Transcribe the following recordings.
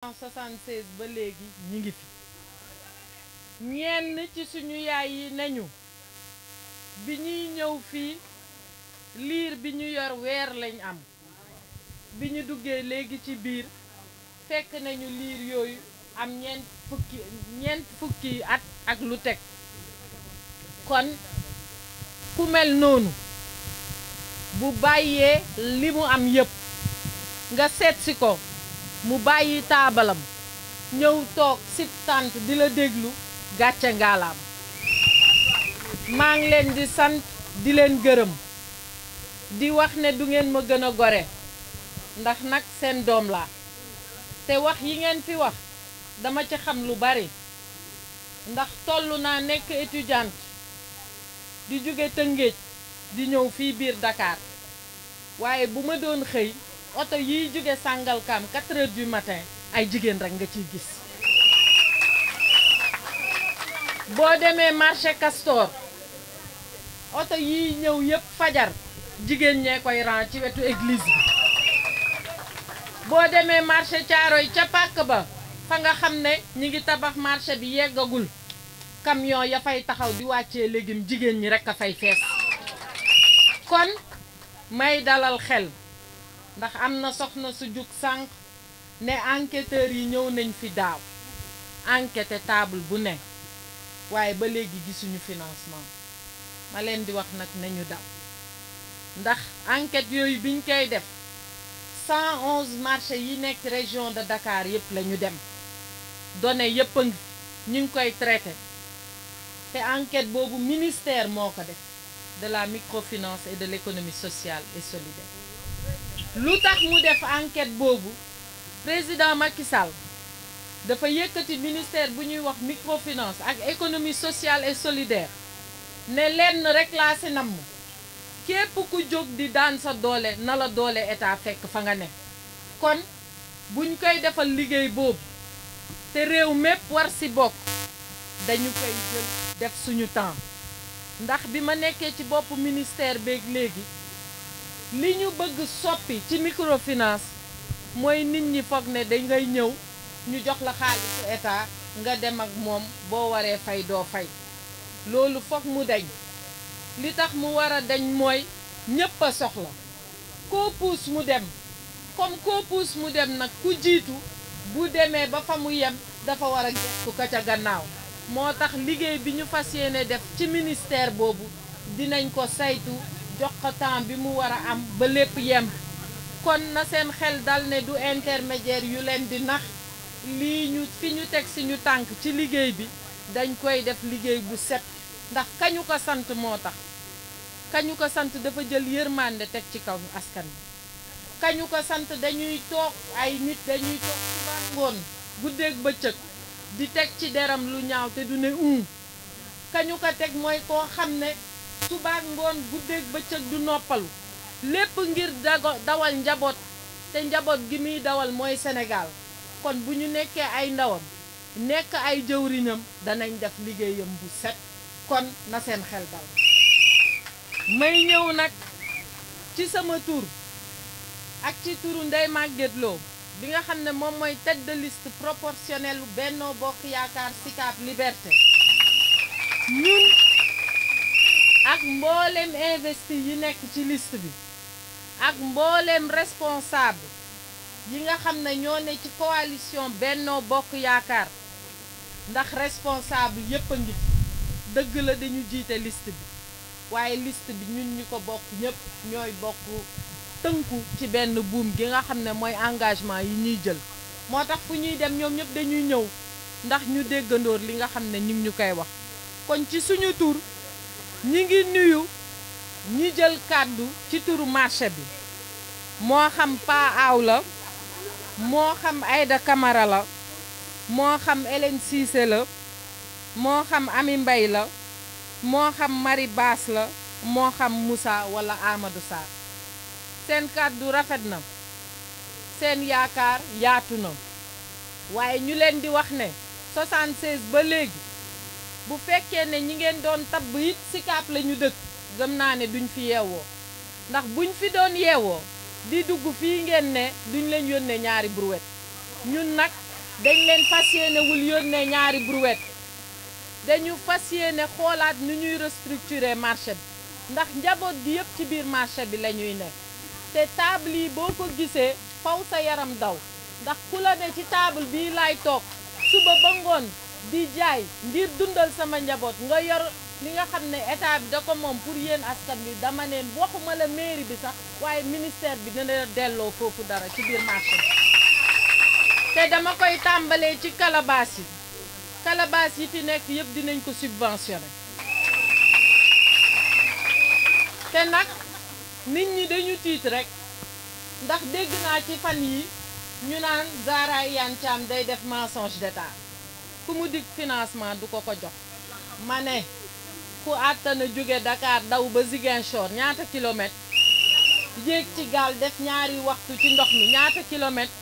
1976 ba léegi ñi ngi fi ñenn ci suñu yaay yi nañu bi ñuy ñëw fii liir bi ñu yor weer lañ am bi ñu duggee léegi ci biir fekk nañu liir yooyu am ñeent fukki at ak lu teg kon ku mel noonu bu bàyyee limu am yépp nga seetsi ko mu bàyyi taabalam ñëw toog sit tànt di la déglu gàcce ngaalaam maa ngi leen di sant di leen gërëm di wax ne du ngeen ma gën a gore ndax nag seen doom la te wax yi ngeen fi wax dama ci xam lu bari ndax tollu naa nekk étudiante di jóge Tëngéej di ñëw fii biir dakaar waaye bu ma doon xëy oto yiy jóge Sàngalkaam 4 heures du matin ay jigéen rek nga ciy gis boo demee marché Castor oto yiy ñëw yëpp fajar jigéen ñee koy ran ci wetu église bi boo demee marché yi ca pàkk ba fa nga xam ne ñi ngi tabax marché bi yeggagul camion ya fay taxaw di wàccee légume jigéen ñi rek a fay fees kon may dalal xel ndax am na soxna su jug sànq ne enquêteurs yi ñëw nañ fi daaw enquête table bu ne waaye ba léegi gisuñu financement ma leen di wax nag nañu daw ndax enquête yooyu biñ koy def 111 marché yi nekk région de Dakar yëpp la ñu dem données yëpp ngi ñu ngi koy traité te enquete boobu ministère moo ko def de la microfinance et de l'économie sociale et solidaire lu tax mu def enquête boobu président Macky Sall dafa yëkkati ministère bu ñuy wax microfinance ak économie sociale et solidaire ne lenn rek laa si namm képp ku jóg di daan sa doole na la doole état fekk fa nga ne kon buñ koy defal liggéey boobu te réew mépp war si bokk dañu koy jël def suñu temps ndax bi ma nekkee ci bopp ministère beeg léegi li ñu bëgg soppi ci microfinance mooy nit ñi foog ne dañ ngay ñëw ñu jox la xaalisu état nga dem ak moom boo waree fay doo fay loolu foog mu dañ li tax mu war a dañ mooy ñépp a soxla koo puus mu dem comme koo puus mu dem nag ku jiitu bu demee ba fa mu yem dafa wara a ko ca gannaaw moo tax liggéey bi ñu fas yéene def ci ministère boobu dinañ ko saytu jox ko temps bi mu war a am ba lépp yem kon na seen xel dal ne du intermédiaire yu leen di nax lii ñu fi ñu teg ñu tànk ci liggéey bi dañ koy def liggéey bu set ndax kañu ko sant moo tax kañu ko sant dafa jël yërmande teg ci kaw askan bi kañu ko sant dañuy toog ay nit dañuy toog suba ngoon guddeeg bëccëg di teg ci deram lu ñaaw te du ne um kañu ko teg mooy koo xam ne subaak ngoon guddeeg bëccëg du noppalu lépp ngir dago dawal njaboot te njaboot gi muy dawal mooy Sénégal kon bu ñu nekkee ay ndawam nekk ay jëwriñam danañ def liggéeyam bu set kon na seen xel dal may ñëw nag ci sama tur ak ci turu ndey màggetloo bi nga xam ne moom mooy tête de liste proportionnelle Benno Bokk Yaakaar Sicap Liberté ñun ak mboolem investi yi nekk ci list bi ak mboolem responsable yi nga xam ne ñoo ne ci coalition Benno Bokk Yaakaar ndax responsable yépp a ngi fi dëgg la dañu jiite list bi waaye list bi ñun ñi ko bokk ñépp ñooy bokk tënku ci benn buum gi nga xam ne mooy engagement yi ñuy jël moo tax fu ñuy dem ñoom ñépp dañuy ñëw ndax ñu déggandoor li nga xam ne ñu ngi ñu koy wax kon ci suñu tur ñi ngi nuyu ñi jël kàddu ci turu marché bi moo xam Paa Aw la moo xam Aïda Camara la moo xam Hélène la moo xam Ami mbay la moo xam Marie Baas la moo xam Moussa walla amadu Sarr seen kàddu rafet na seen yaakaar yaatu na waaye ñu leen di wax ne 76 ba léegi bu fekkee ne ñi ngeen doon tabb it Sicap ñu dëkk gëm naa ne duñ fi yeewoo ndax buñ fi doon yeewoo di dugg fii ngeen ne duñ leen yónnee ñaari brouette ñun nag dañ leen fas yéene yónnee ñaari brouette dañu fas yéene xoolaat nu ñuy restructurer marché bi ndax njaboot gi yëpp ci biir marché bi la ñuy ne te table yi boo ko gisee faw sa yaram daw ndax ku la ne ci table bii laay toog suba ba ngoon di jaay ngir dundal sama njaboot nga yor li nga xam ne état bi da ko moom pour yéen askan bi dama neen waxuma la mairie bi sax waaye ministère bi dina delloo foofu dara ci biir marché te dama koy tàmbalee ci calebasse yi calebasse yi fi nekk yëpp dinañ ko subvention te nag nit ñi dañu tiit rek ndax dégg naa ci fan yi ñu naan Zahra Iyane day def mensonge d'état ku mu dig financement du ko ko jox ma ne ku àttana jóge dakaar daw ba Ziguinchor ñaata kilomètre yéeg ci gaal def ñaari waxtu ci ndox mi ñaata kilomètre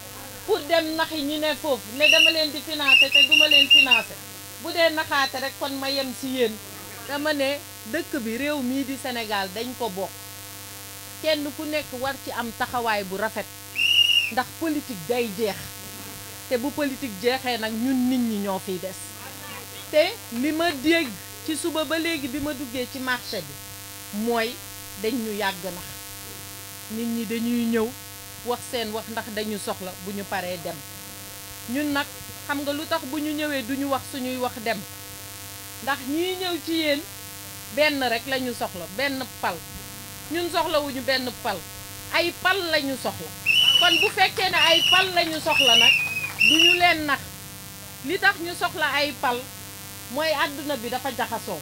pour dem naxi ñi ne foofu ne dama leen di financé te duma leen financé bu dee naxaate rek kon ma yem si yéen dama ne dëkk bi réew mii di Sénégal dañ ko bokk kenn ku nekk war ci am taxawaay bu rafet ndax politique day jeex te bu politique jeexee nag ñun nit ñi ñoo fiy des te li ma dégg ci suba ba léegi bi ma duggee ci marché bi mooy dañ ñu yàgg nax nit ñi dañuy ñëw wax seen wax ndax dañu soxla bu ñu paree dem ñun nag xam nga lu tax bu ñu ñëwee duñu wax suñuy wax dem ndax ñiy ñëw ci yéen benn rek la soxla benn pal ñun soxlawuñu benn pal ay pal lañu ñu soxla kon bu fekkee ne ay pal la ñu soxla nag du ñu leen nax li tax ñu soxla ay pal mooy àdduna bi dafa jaxasoo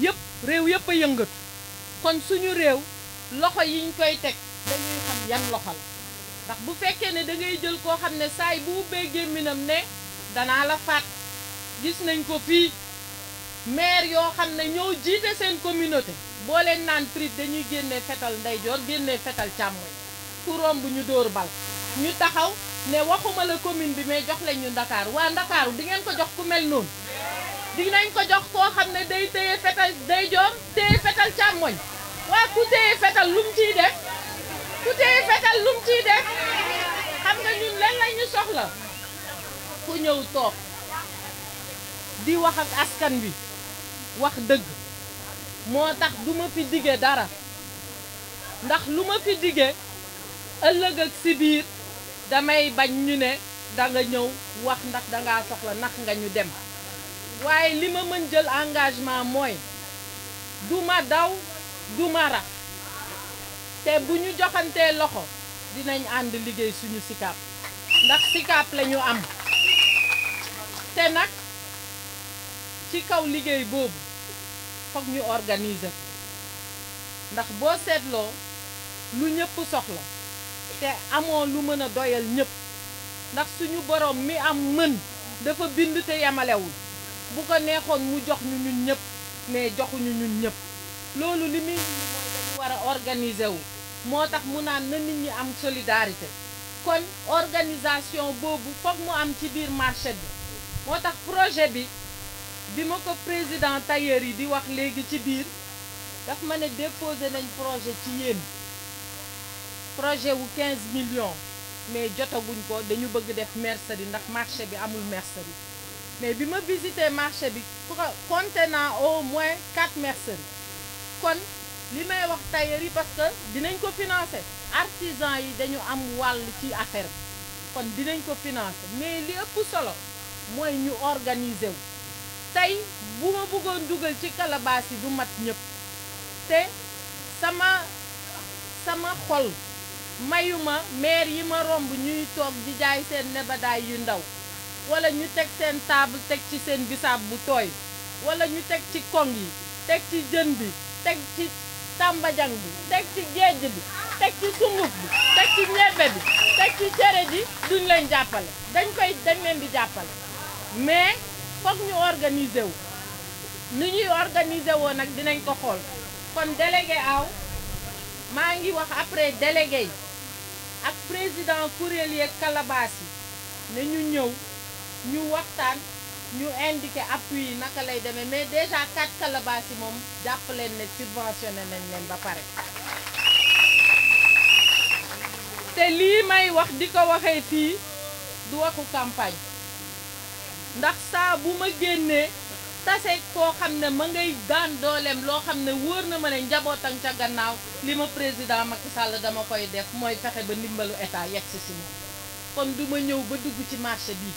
yëpp réew yëpp a yëngatu kon suñu réew loxo yiñ koy teg dañuy xam yan loxo la ndax bu fekkee ne dangay jël koo xam ne saay bu ubbee gémminam ne danaa la faat gis nañ ko fii maire yoo xam ne ñëw jiite seen communauté boo leen naan prit dañuy génnee fetal ndeyjoor génnee fetal càmmoñ ku romb ñu dóor bal ñu taxaw ne waxuma la commune bi may jox leen ñu Ndakaaru waa Ndakaaru di ngeen ko jox ku mel noonu dinañ ko jox koo xam ne day téye fetal day joor téye fetal càmmoñ waa ku téye fetal lum ciy def ku téye fetal lum ciy def xam nga ñun lan la soxla ku ñëw toog di wax ak askan bi wax dëgg moo tax du ma fi dige dara ndax lu ma fi dige ëllëg ak si biir damay bañ ñu ne da ñëw wax ndax danga soxla ndax nga ñu dem waaye li ma mën jël engagement mooy du ma daw du rax te bu ñu joxantee loxo dinañ ànd liggéey suñu sikaab ndax sikaab la am te nag ci kaw liggéey boobu foog ñu organise ndax boo seetloo lu ñëpp soxla te amoo lu mën a doyal ñëpp ndax suñu borom mi am mën dafa bind te yemalewul bu ko neexoon mu jox ñu ñun ñëpp mais joxuñu ñun ñëpp loolu li muy indi mooy dañu war a organiser wu moo tax mu naan na nit ñi am solidarité kon organisation boobu foog mu am ci biir marché bi moo tax projet bi bi ma ko président tailleur yi di wax léegi ci biir daf ma ne déposé nañ projet ci yéen projet wu 15 millions mais jotaguñ ko dañu bëgg def mercerie ndax marché bi amul mercerie mais bi ma visité marché bi compté naa au moins 4 merceries kon li may wax tailleur yi parce que dinañ ko financer artisan yi dañu am wàll ci affaire kon dinañ ko finance mais li ëpp solo mooy ñu organiser wu tey bu ma bëggoon dugal ci calebasse yi du mat ñëpp te sama sama xol mayuma maire yi ma romb ñuy toog di jaay seen nebadaay yu ndaw wala ñu teg seen table teg ci seen bisaab bu tooy wala ñu teg ci kong yi teg ci jën bi teg ci tàmbajang bi teg ci géej bi teg ci sunguf bi teg ci ñebbe bi teg ci cere ji duñ leen jàppale dañ koy dañ leen di jàppale mais foog ñu organiser wu ñuy organiser woo nag dinañ ko xool kon délégué aw maa ngi wax après délégué yi ak président kuréel yeeg kalabaas yi ne ñu ñëw ñu waxtaan ñu indiqué appui yi naka lay demee mais déjà quatre yi moom jàpp leen ne subventionné nañ ba pare te lii may wax di ko waxee fii du waxu campagne ndax saa bu ma génnee tase koo xam ne ma ngay daan dooleem loo xam ne wóor na ma ne njabootam ca gannaaw li ma président Macky Sall dama koy def mooy texe ba ndimbalu état yegg si si moom kon du ma ñëw ba dugg ci marché bi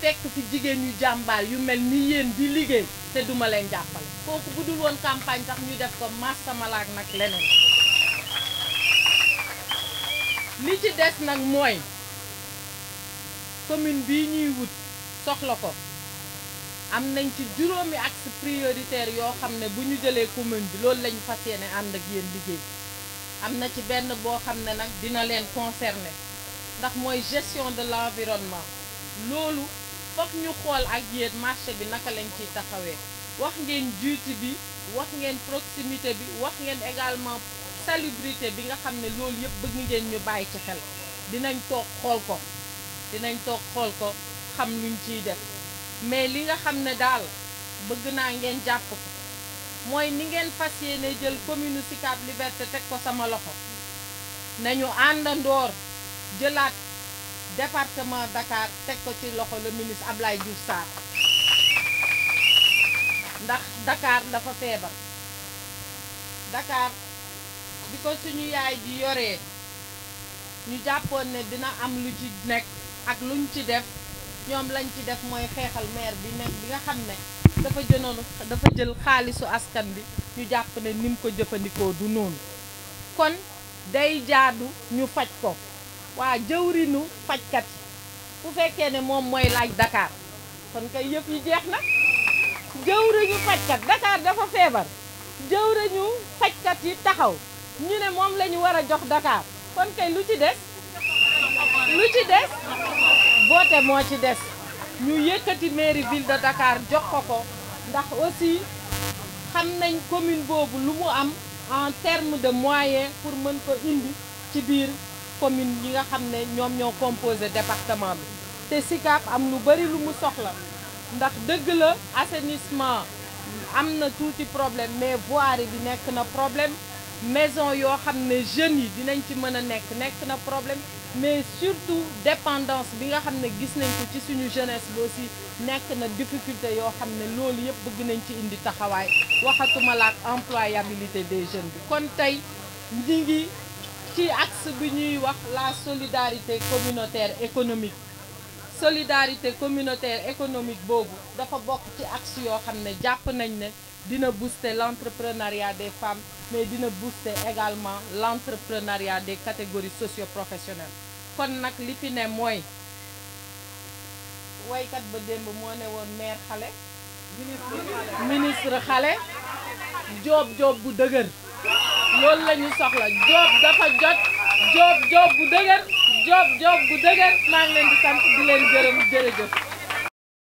fekk fi jigéen ñu jàmbaar yu mel ni yéen di liggéey te duma leen jàppale kooku bu dul woon campagne sax ñu def ko massamalaak nag leneen li ci des nag mooy commune bii ñuy wut soxla ko am nañ ci juróomi axe prioritaire yoo xam ne bu ñu jëlee commune bi loolu lañu fas yéene ànd ak yéen liggéey am na ci benn boo xam ne nag dina leen concerner ndax mooy gestion de l'environnement loolu foog ñu xool ak yéen marché bi naka lañ ciy taxawee wax ngeen juuti bi wax ngeen proximité bi wax ngeen également salubrité bi nga xam ne loolu yëpp bëgg ngeen ñu bàyyi ci xel dinañ toog xool ko dinañ toog xool ko xam luñ ciy def mais li nga xam ne daal bëgg naa ngeen jàpp mooy ni ngeen fas yéene jël commune Sicap Liberté teg ko sama loxo nañu àndandoor jëlaat département Dakar teg ko ci loxo le ministre Ablaye Diouf Sarr ndax Dakar dafa feebar dakaar bi ko suñu yaay ji yoree ñu jàppoon ne dina am lu ci nekk ak luñ ci def ñoom lañ ci def mooy xeexal maire bi nekk bi nga xam ne dafa jënoon dafa jël xaalisu askan bi ñu jàpp ne ni ko jëfandikoo du noonu kon day jaadu ñu faj ko waa jëwrinu fajkat yi bu fekkee ne moom mooy laaj Dakar kon kay yëf yi jeex na jëwriñu fajkat Dakar dafa feebar jëwriñu fajkat yi taxaw ñu ne moom la war a jox Dakar kon kay lu ci des lu ci des boote moo ci des ñu yëkkati mairie ville de Dakar jox ko ko ndax aussi xam nañ commune boobu lu mu am en terme de moyen pour mën ko indi ci biir commune yi nga xam ne ñoom ñoo composé département bi te Sicap am lu bari lu mu soxla ndax dëgg la assainissement am na tuuti problème mais voirie bi nekk na problème maison yoo xam ne jeunes yi dinañ ci mën a nekk nekk na problème mais surtout dépendance bi nga xam ne gis nañ ko ci suñu jeunesse bi aussi nekk na difficulté yoo xam ne loolu yëpp bëgg nañ ci indi taxawaay waxatuma la ak employabilité des jeunes bi kon tey ñi ngi ci axe bi ñuy wax la solidarité communautaire économique solidarité communautaire économique boobu dafa bokk ci axe yoo xam ne jàpp nañ ne dina booster l'entrepreneuriat des femmes mais dina booster également l'entrepreneuriat des catégories socio-professionnelles kon nag li fi ne mooy woykat ba démb moo ne woon maire xale ministre xale joob joob bu dëgër loolu la ñu soxla joob dafa jot joob joob bu dëgër job job bu dëgër maa leen di sant di leen gërëm jërëjëf